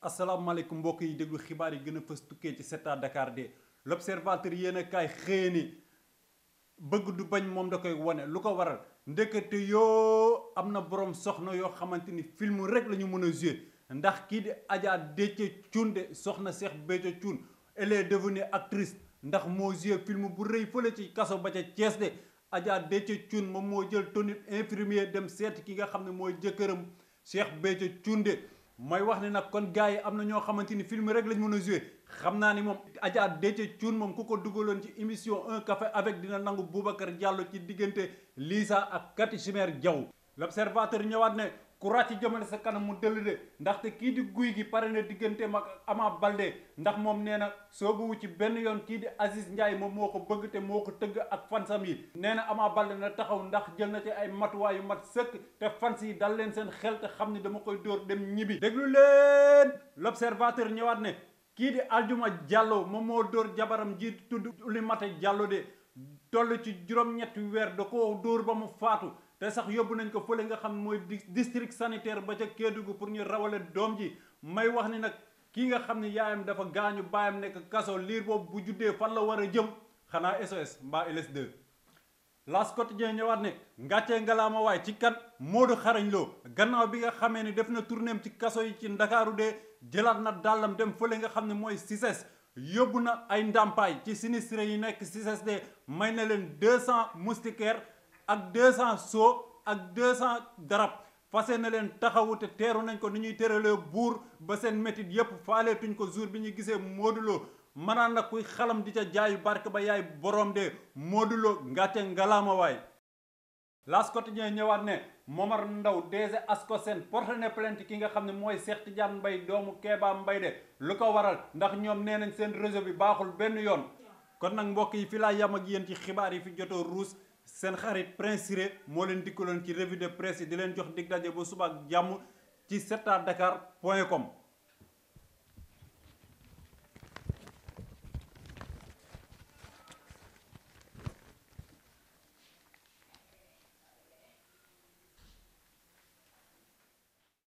asalaamaaleykum mbokk yi déglu xibaar yi gën a fës tukkee ci Seta Dakar de l' observateur yéen a ni bëgg du bañ moom da koy wane lu ko waral ndekete yoo am na borom soxna yoo xamante ni film rek la ñu mën a joué ndax kii di ajaat Déthié Thioune de soxna Cheikh Béthio Thioune elle est devenue actrice ndax moo joué film bu rëy fële ci kaso ba ca Thiès de Adja Déthié Thioune moom moo jël tenue infirmier dem seet ki nga xam ne mooy jëkkëram Cheikh Béthio Thioune may wax ne nag kon gars yi am na ñoo xamante ni film rek lañ mën a joué xam naa ni moom Adja Déthié Thioune moom ku ko dugaloon ci émission un café avec dina nangu Boubacar Diallo ci diggante Lisa ak Kati Chimère Diaw l'observateur ñëwaat ne ku ràcc jëmale sa kanam mu dëll de ndaxte kii di guy gi pare na digganteem ak Ama Baldé ndax moom nee na soobuwu ci benn yoon kii di Aziz Ndiaye moom moo ko bëgg te moo ko tëgg ak fansam yi nee na Ama Baldé na taxaw ndax jël na ci ay matuwaay yu mat sëkk te fans yi dal leen seen xel te xam ne dama koy dóor dem ñibbi déglu leen l'observateur ñëwaat ne kii di Aljuma jàlloo moom moo dóor jabaram ji tudd Oulimata Diallo de toll ci juróom-ñetti weer da koo dóor ba mu faatu te sax yóbbu nañ ko fële nga xam mooy district sanitaire ba ca Kédougou pour ñu rawale doom ji may wax ni nag kii nga xam ni yaayam dafa gaañu baayam nekk kaso liir boobu bu juddee fan la war a jëm xanaa SOS mbaa LS2 L'As Quotidien ñëwaat ne ngàccee ngalaama waay ci kat Modou Xarañ Lo gannaaw bi nga xamee ni def na tournéem ci kaso yi ci ndakaaru de jëlaat na dàllam dem fële nga xam ne mooy CICES yóbbu na ay ndàmpaay ci sinistre yi nekk CICES de may na leen 200 moustiquaires ak 200 soo ak 200 darab fase na leen taxawu te teeru nañ ko ni ñuy tëralee buur ba seen métit yépp faaleetuñ ko jour bi ñuy gisee Modou Lo manaan nag kuy xalam di ca jaayu barke ba yaay borom de Modou Lo ngàcce ngalaama waay L'As Quotidien ñëwaat ne Momar Ndaw DG Ascosen porte ne plainte ki nga xam ne mooy Cheikh Tidiane mbay doomu Kéba mbay de lu ko waral ndax ñoom nee nañ seen réseau bi baaxul benn yoon kon nag mbokk yi fi laa yam ak yéen ci xibaar yi fi jotoo ruus seen xarit Prince Ciré moo leen dikkaloon ci révider de presse yi di leen jox dig daje ba suba ak jàmm ci 7actu dakar point com